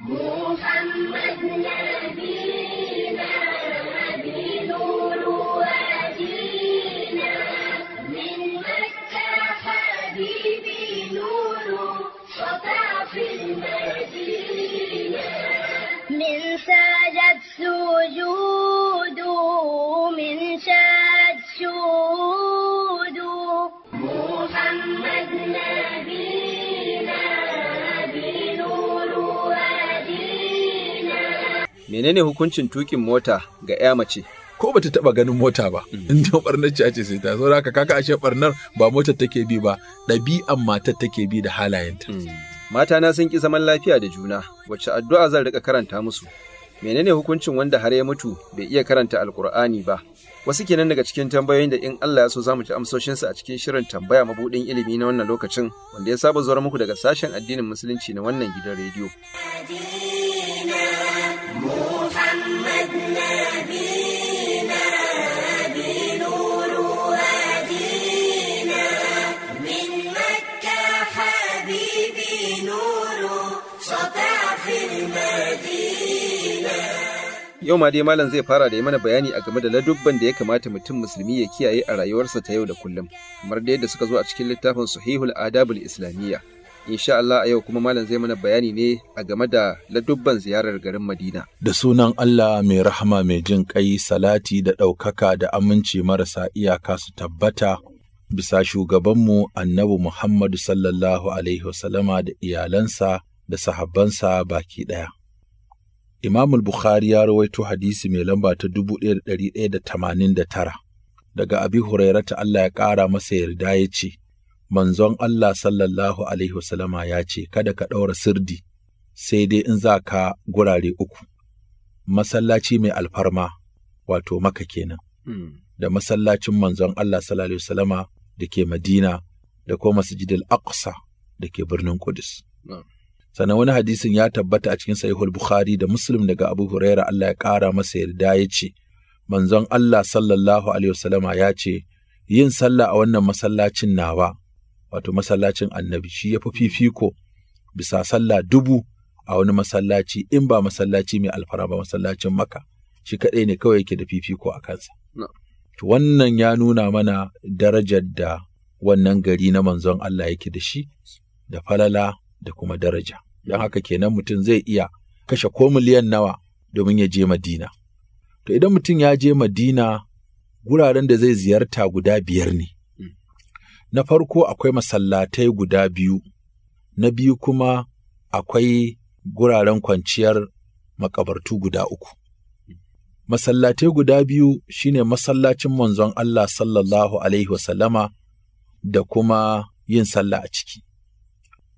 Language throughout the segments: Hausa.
Muhammad Nabi menene hukuncin tukin mota ga 'ya mace ko bata taba ganin mota ba mm. inda ta barnar ce ce sai ta so haka kaka ashe barnar ba mota take bi ba ɗabi'an matar take bi da halayenta mm. mata na sun ki zaman lafiya da juna wacce addu'a zan rika karanta musu menene hukuncin wanda har ya mutu bai iya karanta alkur'ani ba wasu kenan daga cikin tambayoyin da in Allah ya so za mu ci amsoshinsu a cikin shirin tambaya mabudin ilimi na wannan lokacin wanda ya saba zuwa muku daga sashen addinin musulunci na wannan gidan rediyo. Yau ma dai malam zai fara da yi mana bayani a game da ladubban da ya kamata mutum musulmi ya kiyaye a rayuwarsa ta yau da kullum, kamar da yadda suka zo a cikin littafin Sahihul Adabul Islamiyya. Insha Allah a yau kuma malam zai mana bayani ne a game da ladubban ziyarar garin Madina. Da sunan Allah mai rahama mai jin kai salati da ɗaukaka da aminci marasa iyaka su tabbata bisa shugabanmu annabi Muhammadu sallallahu alaihi wasallama da iyalansa da sahabbansa baki ɗaya. Imam Bukhari ya rawaito hadisi mai lamba ta dubu ɗaya ɗaya da da da tamanin tara. daga Abi ta Allah ya ƙara masa yarda ya ce, Manzon Allah sallallahu Alaihi wasallama ya ce, Kada ka ɗaura sirdi, sai dai in za ka gurare uku, masallaci mai alfarma, wato maka kenan, da masallacin manzon Allah sallallahu Alaihi wasallama da ke Madina, da kuma masjidil Aqsa da ke birnin Kudus. sannan wani hadisin ya tabbata a cikin sahihul bukhari da muslim daga abu huraira Allah ya kara masa yarda ya ce manzon Allah sallallahu alaihi wasallama ya ce yin sallah a wannan masallacin nawa wato masallacin annabi shi ya fi fifiko bisa sallah dubu a wani masallaci in ba masallaci mai alfara ba masallacin maka shi kaɗai ne kawai yake da fifiko a kansa wannan ya nuna mana darajar da wannan gari na manzon Allah yake da shi da falala da kuma daraja don haka kenan mutum zai iya kashe ko miliyan nawa domin ya je madina to idan mutum ya je madina guraren da zai ziyarta guda biyar ne na farko akwai masallatai guda biyu na biyu kuma akwai guraren kwanciyar makabartu guda uku masallatai guda biyu shine masallacin manzon Allah sallallahu alaihi wasallama da kuma yin sallah a ciki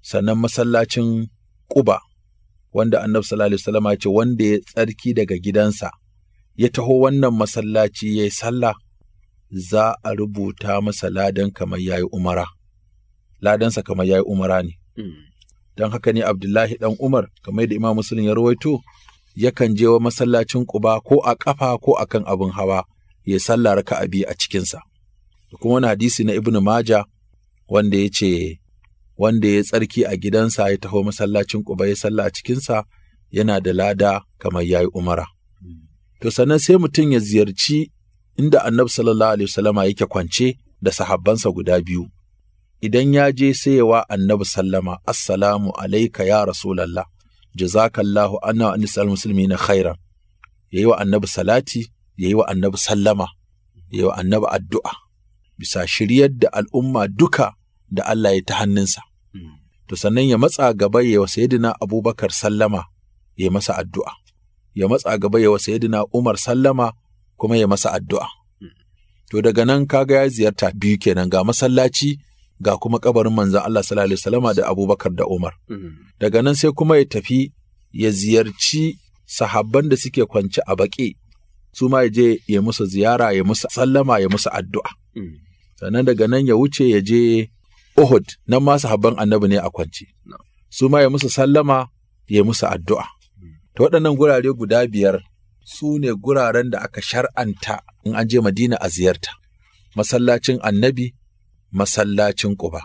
sannan masallacin Quba wanda Annabi sallallahu alaihi wasallam ce wanda ya tsarki daga gidansa ya taho wannan masallaci ya yi sallah za a rubuta masa ladan kamar yayi umara ladansa kamar yayi umara ne don haka ne Abdullahi dan Umar kamar da Imam Muslim ya rawaito yakan je wa masallacin Quba ko a ƙafa ko a kan abin hawa ya sallah raka'a biyu a cikinsa. kuma wani hadisi na Ibn Maja wanda ya ce wanda ya tsarki a gidansa ya taho masallacin ƙuba ya salla a cikinsa yana da lada kamar ya yi umara. To sannan sai mutum ya ziyarci inda annabi sallallahu alaihi wasallama yake kwance da sahabbansa guda biyu. Idan ya je sai ya wa annabi sallama assalamu alaika ya rasulallah jazakallahu anna anisal muslimina khairan. yi wa annabi salati, yi wa annabi sallama, yi wa annabi addu'a. Bisa shiryar da al'umma duka da Allah ya ta hannunsa. to sannan ya matsa gaba ya wa sayidina Abubakar sallama ya masa addu'a ya matsa gaba ya wa sayidina Umar sallama kuma ya masa addu'a to daga nan kaga ya ziyarta biyu kenan ga masallaci ga kuma kabarin manzan Allah sallallahu alaihi da Abubakar da Umar daga nan sai kuma ya tafi ya ziyarci sahabban da suke kwance a baƙi su ma ya je ya musu ziyara ya musu sallama ya musu addu'a mm. sannan daga nan ya wuce ya je Uhud nan ma sahabban annabi ne a kwance. Su ma ya musu sallama ya musu addu'a. Hmm. Ta waɗannan gurare guda biyar su ne guraren da aka shar'anta in an je Madina a ziyarta. Masallacin annabi, masallacin Quba.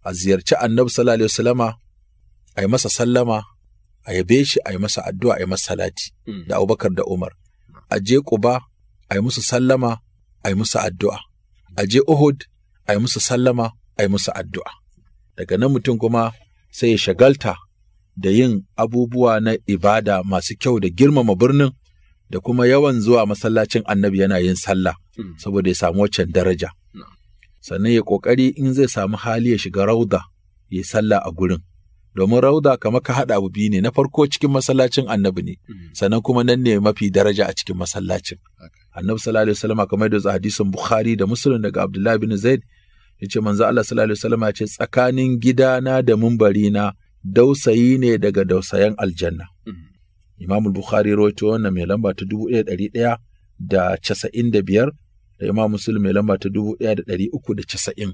A ziyarci annabi sallallahu alaihi wasallama a yi masa sallama a yabe shi a yi masa addu'a a yi masa salati hmm. da Abubakar da Umar. A je Quba a yi musu sallama a yi musu addu'a. A je Uhud a yi musu sallama a yi musu addu'a. Daga nan mutum kuma sai ya shagalta da yin abubuwa na ibada masu kyau da girmama birnin da kuma yawan zuwa masallacin annabi yana yin sallah hmm. saboda ya samu waccan daraja. Sannan ya ƙoƙari in zai samu hali ya shiga rauda ya sallah a gurin. Domin rauda kamar ka haɗa abu biyu ne na farko cikin masallacin annabi ne, hmm. sannan kuma nan ne mafi daraja a cikin masallacin. Annabi sallallahu alaihi wasallam kamar da hadisin Bukhari da Muslim daga Abdullahi bin Zaid yace manzo Allah sallallahu alaihi wasallam ya ce tsakanin gidana da mumbarina dausayi ne daga dausayan aljanna mm-hmm. Imam Bukhari rawaito wannan mai lamba ta dubu ɗaya da casa'in da da biyar, Imam Muslim mai lamba ta dubu ɗaya da da uku 1390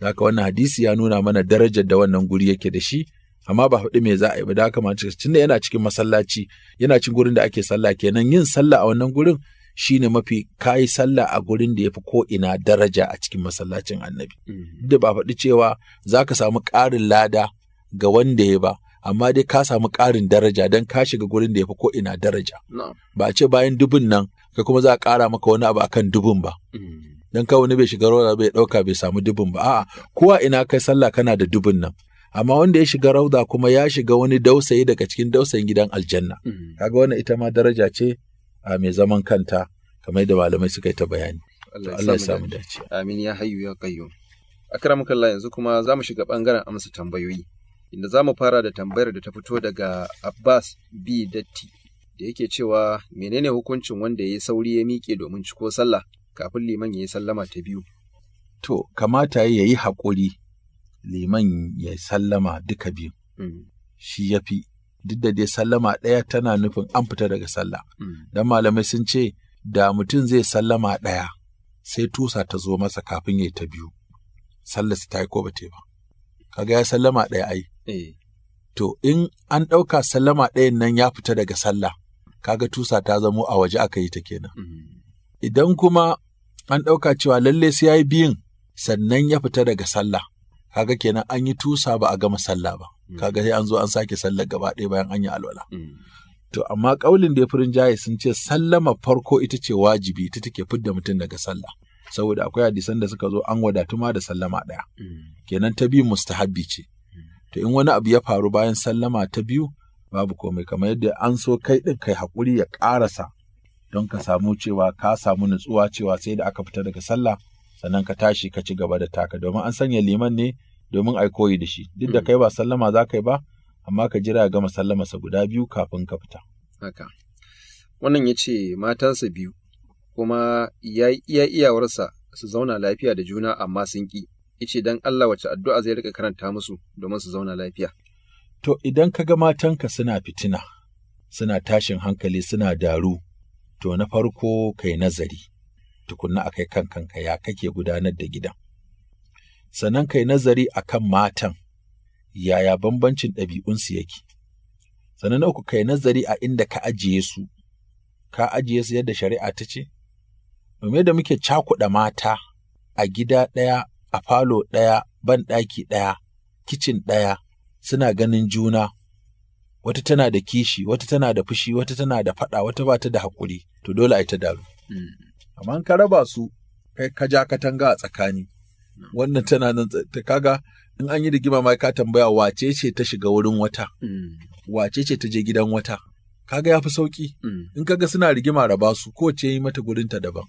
haka wannan hadisi ya nuna mana darajar da wannan guri yake da shi amma ba faɗi mai za a yi ba da haka ma tunda yana cikin masallaci yana cikin gurin da ake sallah kenan yin sallah a wannan gurin Shi ne mafi kayi sallah a gurin da ya fi ko daraja a cikin masallacin annabi mhm. duk da ba faɗi cewa za ka samu ƙarin lada ga wanda ya ba amma dai ka samu ƙarin daraja don ka shiga gurin da ya fi koina daraja ba a ce bayan dubun nan ka kuma za a ƙara maka wani abu akan dubun ba mhm. don ka wani bai shiga rauda bai ɗauka bai samu dubun ba a'a kowa ina kai sallah kana da dubun nan amma wanda ya shiga rauda kuma ya shiga wani dausayi daga cikin dausayin gidan aljanna mhm. kaga wannan ita ma daraja ce a mai zaman kanta kamar yadda malamai suka yi ta bayani Allah ya samu dace amin ya hayu ya A akramakallah yanzu kuma za mu shiga bangaren amsa tambayoyi inda za mu fara da tambayar da ta fito daga Abbas B Datti da yake cewa menene hukuncin wanda ya yi sauri ya miƙe domin ciko sallah kafin liman ya yi sallama ta biyu to kamata ya yi haƙuri liman ya sallama duka biyu mm. shi ya fi duk da dai sallama ɗaya tana nufin an fita daga sallah hmm. dan malamai sun ce da mutum zai sallama ɗaya sai tusa ta zo masa kafin ya ta biyu sallar ta yi ko ba ta ba kaga ya sallama ɗaya ai eh. to in an ɗauka sallama ɗayan nan ya fita daga sallah kaga tusa ta zamo a waje aka yi ta kenan hmm. idan kuma an ɗauka cewa lalle sai ya yi biyun sannan ya fita daga sallah kaga kenan an yi tusa ba a gama sallah ba Mm. kaga sai an zo an sake sallar gaba ɗaya bayan an yi alwala mm. to amma ƙaulin da ya furin jaye sun ce sallama farko ita ce wajibi ita take fidda mutum daga sallah saboda akwai hadisan da suka zo an wadatu ma da sallama ɗaya mm. kenan ta biyu mustahabbi ce to in wani abu ya faru bayan sallama ta biyu babu komai kamar yadda an so kai ɗin kai haƙuri ya ƙarasa don ka samu cewa ka samu nutsuwa cewa sai da aka fita daga sallah sannan ka tashi ka ci gaba da taka domin an sanya liman ne domin ai koyi da shi duk da hmm. kai ba sallama za ka yi ba amma ka jira gama sallamarsa guda biyu kafin ka fita haka wannan ya ce matansa biyu kuma ya iya iyawarsa su zauna lafiya da juna amma sun ki ce don Allah wace addu'a zai rika karanta musu domin su zauna lafiya to idan ka ga matanka suna fitina suna tashin hankali suna daru to na farko kai nazari tukunna akai kan kanka ya kake gudanar da gidan sannan kai nazari a kan matan, yaya bambancin ɗabi'unsu yake. Sannan na uku kai nazari a inda ka ajiye su, ka ajiye su yadda shari'a ta ce, domin da muke cakuɗa mata a gida ɗaya, a falo ɗaya, ban ɗaki ɗaya, kicin ɗaya, suna ganin juna, wata tana da kishi, wata tana da fushi, wata tana da faɗa, wata ba ta da haƙuri, to dole a ta dalu. Hmm. Amma ka raba su, kai ka ja katanga a tsakani, wannan tana nan ta kaga in an yi rigima ma ka tambaya wace ce ta shiga wurin wata mm. wace ce ta je gidan wata kaga ya fi sauki mm. in kaga suna rigima raba su ko ce yi mata gurinta daban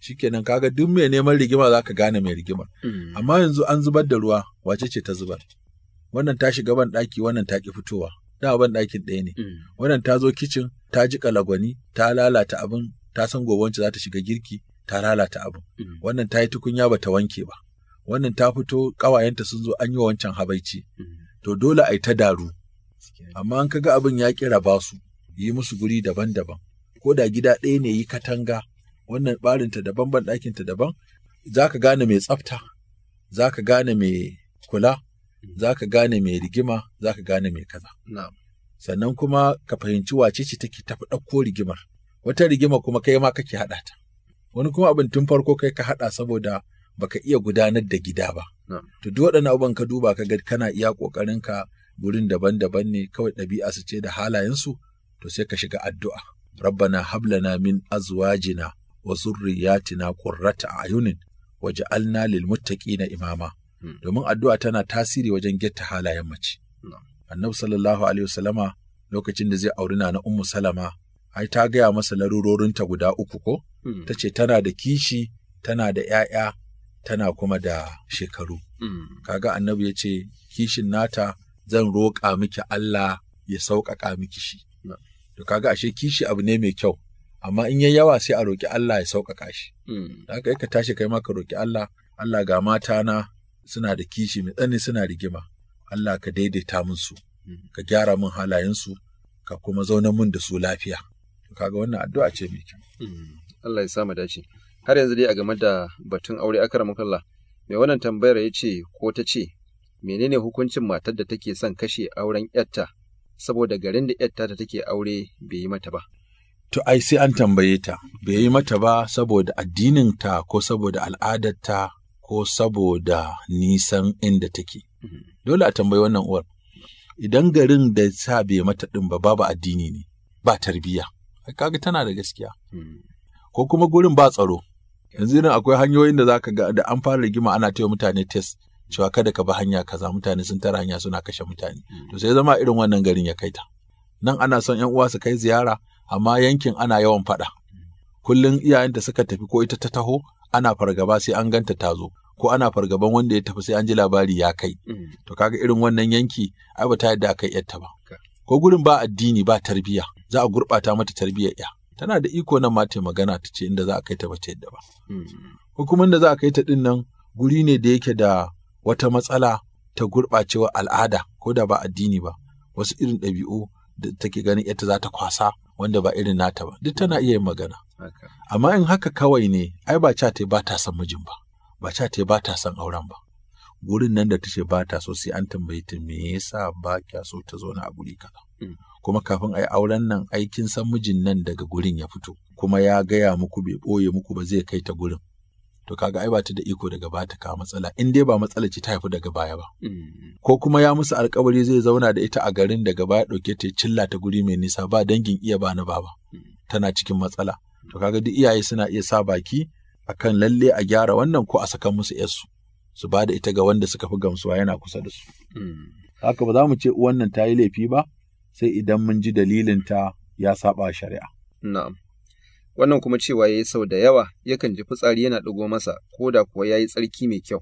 shikenan kaga duk mai neman rigima za ka gane mai rigima. Mm. amma yanzu an zubar da ruwa wace ce ta zubar wannan ta shiga ban ɗaki wannan ta ki fitowa da ban ɗakin ɗaya ne wannan ta zo kicin ta ji kalagwani ta lalata abin ta san gobe za ta shiga girki ta lalata abin wannan ta yi tukunya ba ta wanke ba wannan ta fito ƙawayenta sun zo an yi wa wancan habaici mm. to dole a yi ta daru amma an kaga abin ya kira ba yi musu guri daban-daban ko da gida ɗaya ne yi katanga wannan ɓarinta daban ban ɗakinta daban za ka gane mai tsafta za ka gane mai kula mm. za ka gane mai rigima za ka gane mai kaza sannan kuma ka fahimci wace ce take tafi ɗauko rigimar wata rigima kuma kai ma kake haɗa ta wani kuma abin tun farko kai ka haɗa saboda baka iya gudanar da gida ba. To duk waɗannan abubuwan ka duba ka ga kana iya ƙoƙarin ka gurin daban-daban ne kawai ɗabi'a su ce da halayensu to sai ka shiga addu'a. Rabbana hablana min azwajina wa zurriyatina qurrata ayunin waj'alna lil muttaqina imama. Hmm. Domin addu'a tana tasiri wajen getta halayen mace. Annabi sallallahu alaihi wasallama lokacin da zai auri na Ummu Salama ai ta gaya masa larurorinta guda uku ko? Hmm. Ta ce tana da kishi, tana da ‘ya'ya, tana kuma da shekaru. Hmm. Kaga annabi ya ce, kishin nata zan roƙa miki Allah ya sauƙaƙa miki shi. To kaga ashe kishi abu ne mai kyau, amma in yi yawa sai a roƙi Allah ya sauƙaƙa shi. Hmm. aka yi ka tashi kai ma ka roƙi Allah, Allah ga mata na suna da kishi mai tsani suna rigima. Allah ka daidaita min su, hmm. ka gyara min halayensu, ka kuma zauna min da su lafiya. Kaga wannan addu'a ce mai kyau. Allah ya sa mu dace. har yanzu dai a game da batun aure akara kalla, mai wannan tambayar ya ce ko ta ce menene hukuncin matar da take son kashe auren yatta saboda garin da yatta ta take aure bai yi mata ba to ai sai an tambaye ta bai yi mata ba saboda addinin ta ko saboda ta ko saboda nisan inda take mhm. dole a tambayi wannan uwar idan garin da sa bai mata ɗin ba babu addini ne ba tarbiyya kaga tana da gaskiya hmm. ko kuma gurin ba tsaro yanzu nan akwai hanyoyin da za ka ga da an fara rigima ana taya mutane test cewa kada ka bi hanya kaza mutane sun tara hanya suna kashe mutane hmm. to sai zama irin wannan garin ya kai ta nan ana son yan uwa su kai ziyara amma yankin ana yawan faɗa kullum iyayenta suka tafi ko ita ta taho ana fargaba sai an ganta ta zo ko ana fargaban wanda ya tafi sai an ji labari ya kai hmm. to kaga irin wannan yanki ai ba ta yadda aka ta ba ko gurin ba addini ba tarbiyya za a gurɓata mata tarbiyyar ya tana da iko na ma magana ta ce inda za a kai ta bace yadda ba hmm. hukumin da za a kai ta din nan guri ne da yake da wata matsala ta gurɓacewa al'ada ko da ba addini ba wasu irin ɗabi'u da take ganin ita za ta kwasa wanda ba irin nata ba duk tana iya yin magana amma in haka kawai ne ai ba ta ba ta son mijin ba ba ta ba ta san auren ba gurin nan da ta ce ba ta so sai an tambaye ta me yasa ba kya so ta zauna a guri kaza hmm. kuma kafin a yi auren nan aikin san mijin nan daga gurin ya fito kuma ya gaya muku bai ɓoye muku ba zai kai ta gurin to kaga ai ba ta da iko daga ba ta kawo matsala in dai ba matsala ce ta haifu daga baya ba mm. ko kuma ya musu alkawari zai zauna da ita a garin daga baya ɗauke ta cilla ta guri mai nisa ba dangin iya ba na baba mm. tana cikin matsala to kaga duk iyaye suna iya sa baki akan lalle a gyara wannan ko a sakan musu yarsu su ba da ita ga wanda suka fi gamsuwa yana kusa da su mm. haka ba za mu ce uwan nan ta yi laifi ba sai idan mun ji dalilinta ya saba shari'a. Na'am. Wannan kuma cewa ya yi sau da yawa yakan ji fitsari yana ɗigo masa ko da kuwa ya yi tsarki mai kyau.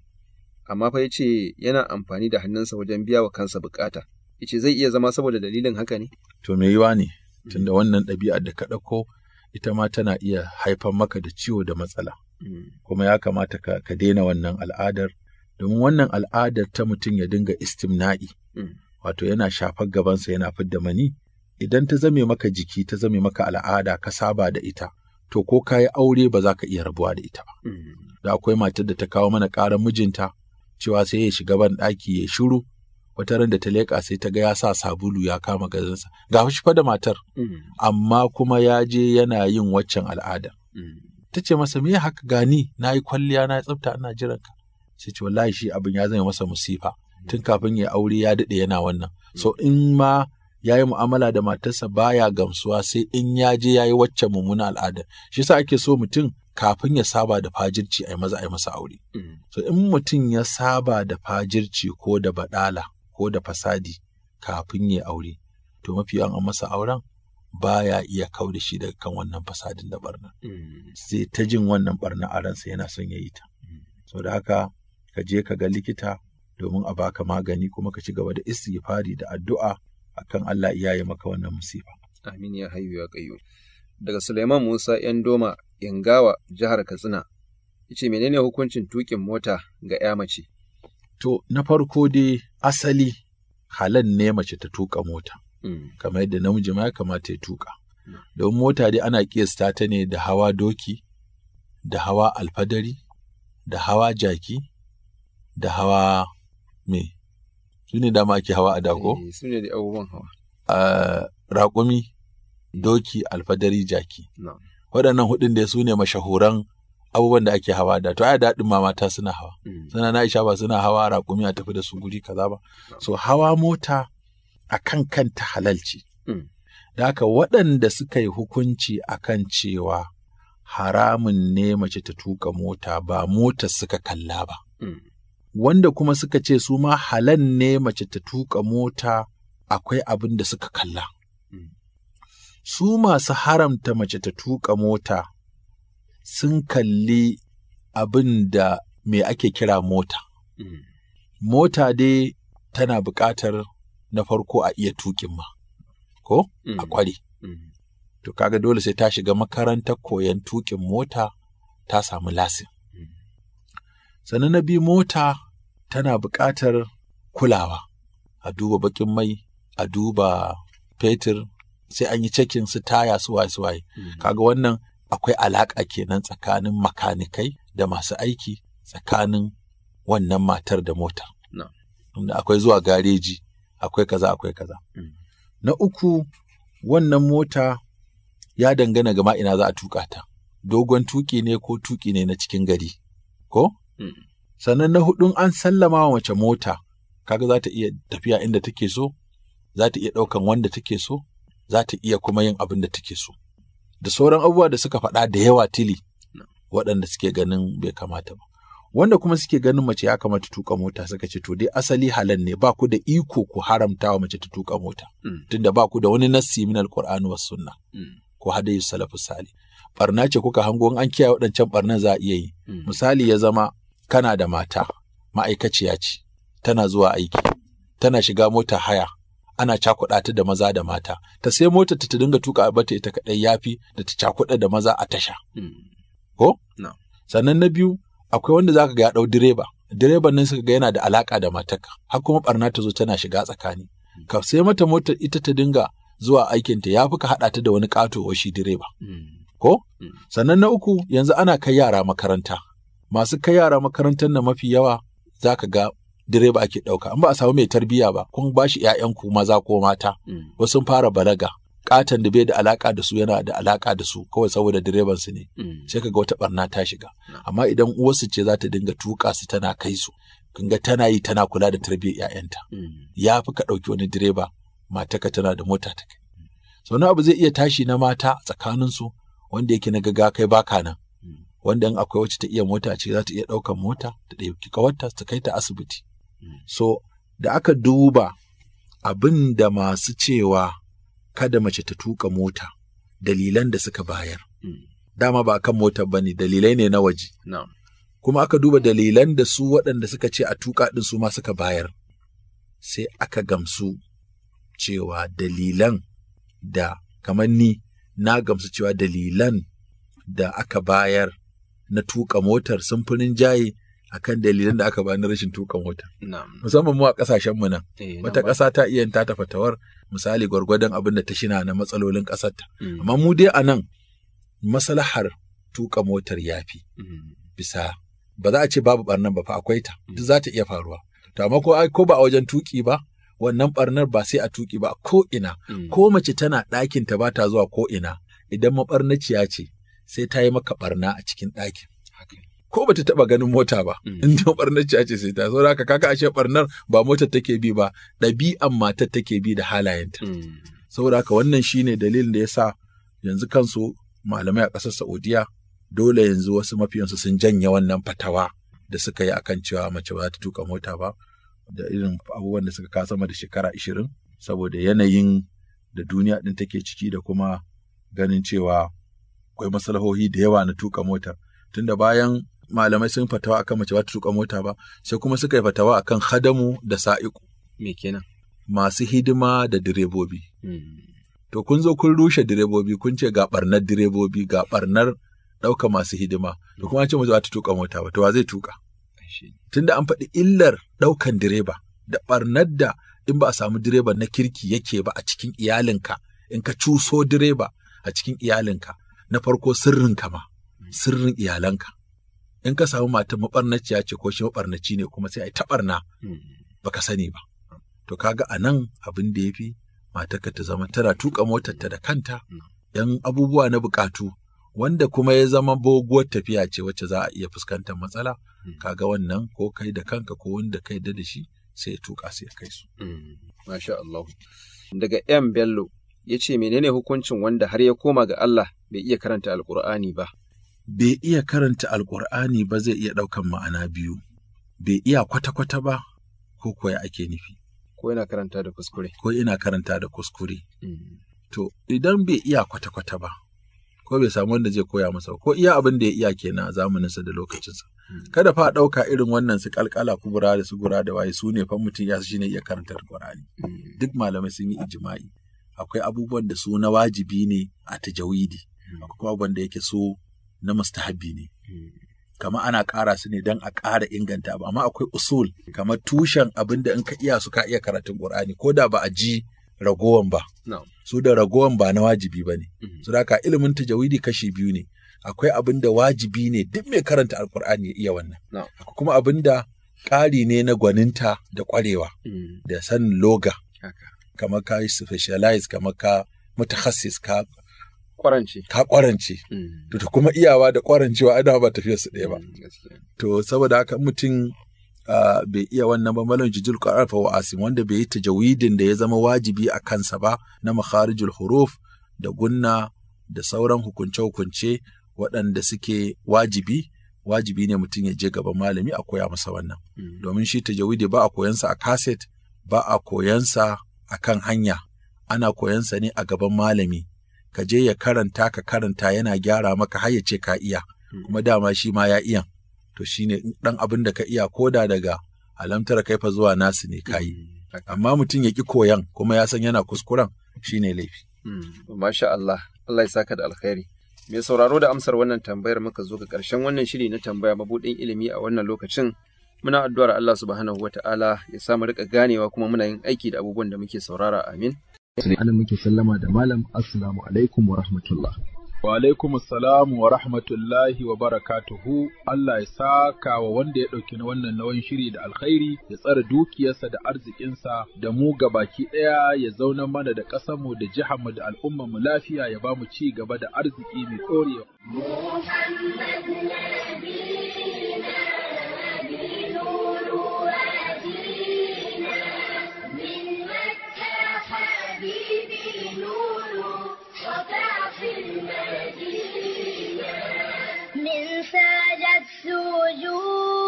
Amma fa ya ce yana amfani da hannunsa wajen biya wa kansa bukata. Ice zai iya zama saboda dalilin haka ne? To me yiwa ne, mm. tunda wannan ɗabi'ar da ka ɗauko ita ma tana iya haifar maka da ciwo da matsala. Mm. Kuma ya kamata ka, daina wannan al'adar, domin wannan al'adar ta mutum ya dinga istimna'i. Mm. wato yana shafar gabansa yana fidda mani idan ta zame maka jiki ta zame maka al'ada ka saba da ita to ko ka yi aure ba za ka iya rabuwa da ita ba mm. da akwai matar da ta kawo mana ƙarar mijinta cewa sai ya shiga ban ɗaki ya shiru wata ran da ta leƙa sai ta ga ya sa sabulu ya kama gazansa ga shi fa da matar mm. amma kuma ya je yana yin waccan al'ada mm. ta ce masa me haka gani na yi kwalliya na tsafta ina jiranka. ka sai ce wallahi shi abin ya zame masa musifa Mm. tun kafin ya aure ya daɗe yana wannan so mm. in ma ya yi mu'amala da matarsa baya gamsuwa sai in ya je ya yi wacce mummuna al'ada shi yasa ake so mutum kafin ya saba da fajirci a yi maza a yi masa aure mm. so in mutum ya saba da fajirci ko da baɗala ko da fasadi kafin ya aure to mafi an masa auren baya iya kau da shi daga kan wannan fasadin da barna sai ta jin wannan barna a ransa yana son ya yi ta Sau da haka ka je ka ga likita domin a baka magani kuma ka ci gaba da istighfari da addu'a akan Allah ya yi maka wannan musifa. Amin ya hayu ya kayu. Daga Suleiman Musa ‘yan doma gawa jihar Katsina, ce menene hukuncin tukin mota ga ‘ya mace? To, na farko dai asali halan ne mace ta tuka mota, hmm. kamar yadda namiji ma ya kamata ya tuka. don hmm. Domin mota dai ana kiyasta ta ne da hawa doki, da hawa alfadari, da hawa jaki, da hawa me su ne dama ake hawa a dago? Eh, su ne da abubuwan hawa a raƙumi doki alfadari jaki waɗannan hudun da su ne mashahuran abubuwan da ake hawa da to a daɗin ma mata suna hawa mm. suna na isha ba suna hawa raƙumi a tafi da su guri kaza ba so hawa mota a kan kanta halalci mm. da haka waɗanda suka yi hukunci a kan cewa haramun ne mace ta tuka mota ba mota suka kalla ba mm. wanda kuma suka ce su ma halan ne mace ta tuka mota akwai abin da suka kalla. Hmm. Su masu haramta mace ta tuka mota sun kalli abin da me ake kira mota. Hmm. Mota dai tana buƙatar na farko a iya tuƙin ma, ko? Hmm. A ƙware. To kaga dole sai ta shiga makarantar koyon tuƙin mota ta samu lasin. Sannan na bi mota tana buƙatar kulawa a duba baƙin mai a duba fetur sai an yi cekin su taya su waye su waye hmm. kaga wannan akwai alaƙa kenan tsakanin makanikai da masu aiki tsakanin wannan matar da mota. no. akwai zuwa gareji akwai kaza akwai kaza hmm. na uku wannan mota ya dangana gama ina za a tuƙa ta dogon tuƙi ne ko tuƙi ne na cikin gari ko hmm. sannan na hudun an sallama wa mace mota kaga za ta iya tafiya inda take so za ta iya ɗaukan wanda take so za ta iya kuma yin abin da take so da sauran abubuwa da suka faɗa da yawa tili waɗanda suke ganin bai kamata ba wanda kuma suke ganin mace ya kamata tuka mota suka ce to dai asali halan ne ba ku da iko ku haramta wa mace ta tuka mota hmm. tunda ba ku da wani nassi min alqur'ani was sunna hmm. ko hadayi salafus salih barna ce kuka hango an kiyaye waɗancan barnan za a iya yi hmm. misali ya zama kana da mata ma'aikaciya ce tana zuwa aiki tana shiga mota haya ana cakuɗa ta da maza da mata ta sai motar ta dinga tuka bata ita kaɗai yafi da ta cakuɗa da maza a tasha hmm. ko sannan na biyu akwai wanda zaka ga ya ɗau direba direban nan suka ga yana da alaka da mataka har kuma barna ta zo tana shiga tsakani hmm. ka sai mata mota ita ta dinga zuwa aikinta yafi yafi ka haɗa ta da wani ƙato shi direba hmm. ko sannan na uku yanzu ana kai yara makaranta masu kai yara makarantar na mafi yawa za ka ga direba ake ɗauka in ba a samu mai tarbiyya ba kun ba shi 'yayan ku maza ko mata mm. wasu fara balaga katon da bai da alaka da su yana da alaka da su kawai saboda direban su ne mm. sai ka ga wata barna ta shiga amma idan uwarsu ce za ta dinga tuka su tana kai su kun ga tana yi tana kula da tarbiyyar 'ya'yanta. Mm. ya fi ka ɗauki wani direba mataka tana da mota ta kai sau abu zai iya tashi na mata tsakanin su wanda yake na gaga kai baka nan wanda in akwai wacce ta iya mota ce, za ta iya ɗaukan mota ta ɗauki kawarta ta kai ta asibiti hmm. so da aka duba abin da masu cewa kada mace ta tuka mota dalilan da suka bayar hmm. dama ba kan mota ba ne dalilai ne na waje kuma aka duba dalilan da su waɗanda suka ce a tuka ɗin su ma suka bayar sai aka gamsu cewa dalilan da kamar ni na gamsu cewa dalilan da aka bayar na tuka motar sun jaye a kan dalilan da aka ba ni rashin tuka motar. Musamman mu a ƙasashen mu nan. Eh, wata ƙasa ta iya ta ta fatawar misali gwargwadon abin da ta shina na matsalolin ƙasarta. Mm. Amma mu dai a nan maslahar tuka motar ya fi. Mm. bisa ba za a ce babu barnan ba fa akwai ta mm. duk za ta iya faruwa. To amma ko ko ba a wajen tuki ba wannan barnar ba sai a tuki ba ko ina ko mace tana ɗakin ta ba ta zuwa ko ina idan maɓarnaciya ce sai ta yi maka barna a cikin ɗakin. Ko bata taɓa ganin mota ba, mm. in ta ɓarnar ce ce sai ta so haka kaka ashe ɓarnar ba motar take bi ba, ɗabi'an matar take bi da halayenta. Mm. Saboda haka wannan shi ne dalilin da ya sa yanzu kansu malamai a ƙasar Saudiya dole yanzu wasu mafiyansu sun janye wannan fatawa da suka yi akan cewa mace ba za ta tuka mota ba da irin abubuwan da suka kasa sama da shekara ashirin saboda yanayin da duniya ɗin take ciki da kuma ganin cewa akwai masalahohi da yawa na tuka mota tunda bayan malamai sun fatawa akan mace ba ta tuka mota ba sai kuma suka yi fatawa akan hadamu da sa'iku me kenan masu hidima da direbobi hmm. to kun zo kun rushe direbobi kun ce ga barnar direbobi ga barnar ɗauka masu hidima to kuma an ce mace ba ta tuka mota ba to wa zai tuka tunda an faɗi illar ɗaukan direba da barnar da in ba a samu direba na kirki yake ba a cikin iyalinka in ka cuso direba a cikin iyalinka na farko sirrin kama sirrin iyalanka in ka samu matan mabarnaciya ce ko shi mabarnaci ne kuma sai a yi taɓarna baka sani ba to kaga a nan abin da ya fi matarka ta zama tana tuka motarta da kanta yan abubuwa na bukatu wanda kuma ya zama boguwar tafiya ce wacce za a iya fuskantar matsala Ka ga wannan ko kai da kanka ko wanda kai da da shi sai ya tuka sai ya kai su masha Allah daga M Bello ya ce menene hukuncin wanda har ya koma ga Allah bai iya karanta alkur'ani ba bai iya karanta alkur'ani ba zai iya ɗaukan ma'ana biyu bai iya kwata-kwata ba ko koya ake nufi ko ina karanta da kuskure ko ina karanta da kuskure mm. to idan bai iya kwata-kwata ba ko bai samu wanda zai koya masa ko iya abin da ya iya kenan a zamaninsa da lokacinsa mm. kada fa a ɗauka irin wannan su kalkala kubura da su gura da waye su ne fa mutum ya shi ne iya karanta alkur'ani mm. duk malamai sun yi ijma'i akwai abubuwan da su na wajibi ne a tajawidi akwai kuma abin da yake so na mustahabi ne hmm. kama ana ƙara su ne don a ƙara inganta ba amma akwai usul kamar tushen abin da in ka iya su ka iya karatun ƙur'ani ko da ba a ji ragowan ba su da ragowan ba na wajibi ba ne hmm. su da ka ilimin tajawidi kashi biyu ne akwai abin da wajibi ne duk mai karanta alƙur'ani ya iya wannan akwai kuma abin da ƙari ne na gwaninta da ƙwarewa hmm. da sanin loga Kama ka specialize kama ka mutakhasis ka kwarance ka kwarance mm. to da kuma iyawa da kwarancewa ai ba tafiyar su ɗaya ba mm, to saboda haka mutum bai iya wannan ba malam jijil qarafa wa asim wanda bai yi tajawidin da ya zama wajibi a kansa ba na makharijul huruf da gunna da sauran hukunce-hukunce waɗanda suke wajibi wajibi ne mutum ya je gaban malami a koya masa wannan mm. domin shi tajawidi ba a koyansa a kaset ba a koyansa a kan hanya ana koyansa ne a gaban malami ka je ya karanta ka karanta yana gyara maka har ya ce ka iya hmm. kuma dama shi ma ya iya to shine dan abin da ka iya koda daga alamtar kaifa zuwa nasu ne kayi hmm. amma mutum ya ki koyan kuma ya san yana kuskuren shine laifi hmm. masha Allah Allah ya saka da alkhairi mai sauraro da amsar wannan tambayar muka zo ga ƙarshen wannan shiri na tambaya mabudin ilimi a wannan lokacin muna addu'ar Allah subhanahu ta'ala ya samu rika ganewa kuma muna yin aiki da abubuwan da muke saurara amin Anan muke sallama da malam assalamu alaikum wa rahmatullah. Wa alaikum assalam wa rahmatullahi wa barakatuhu Allah ya saka wa wanda ya ɗauki wannan nawan shiri da alkhairi ya tsara dukiyarsa da arzikinsa da mu baki ɗaya ya zauna mana da ƙasarmu da mu da al'ummarmu lafiya ya ba mu ci gaba da arziki mai ɗorewa. ساجت سجود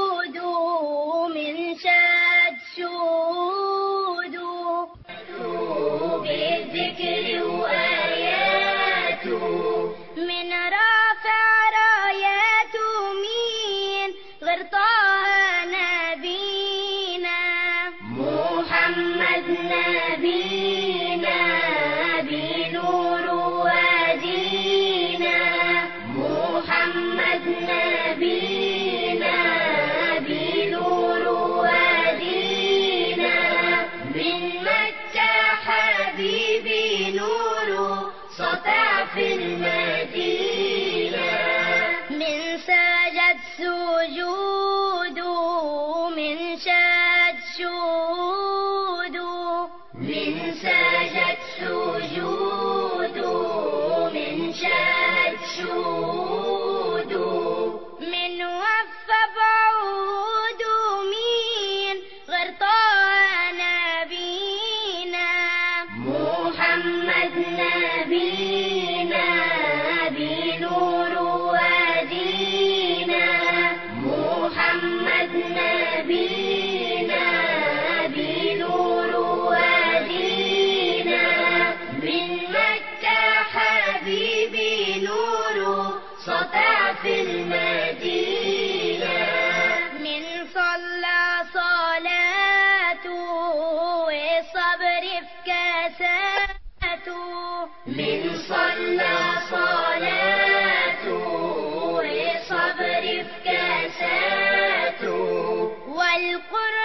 القرآن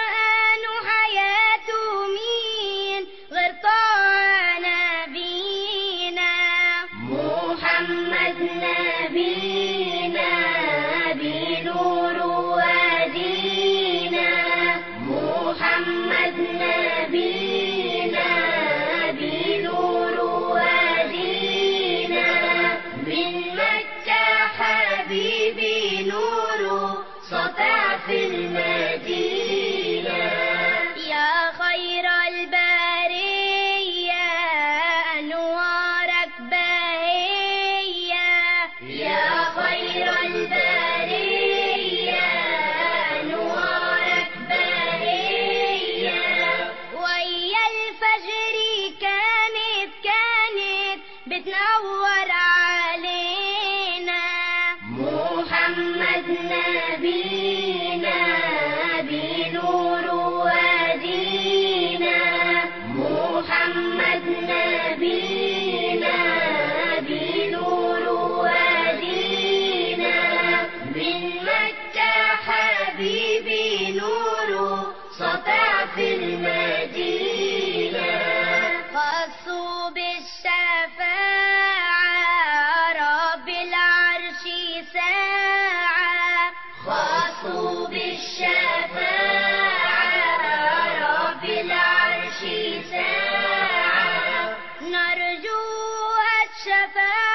أرجو الشفاعة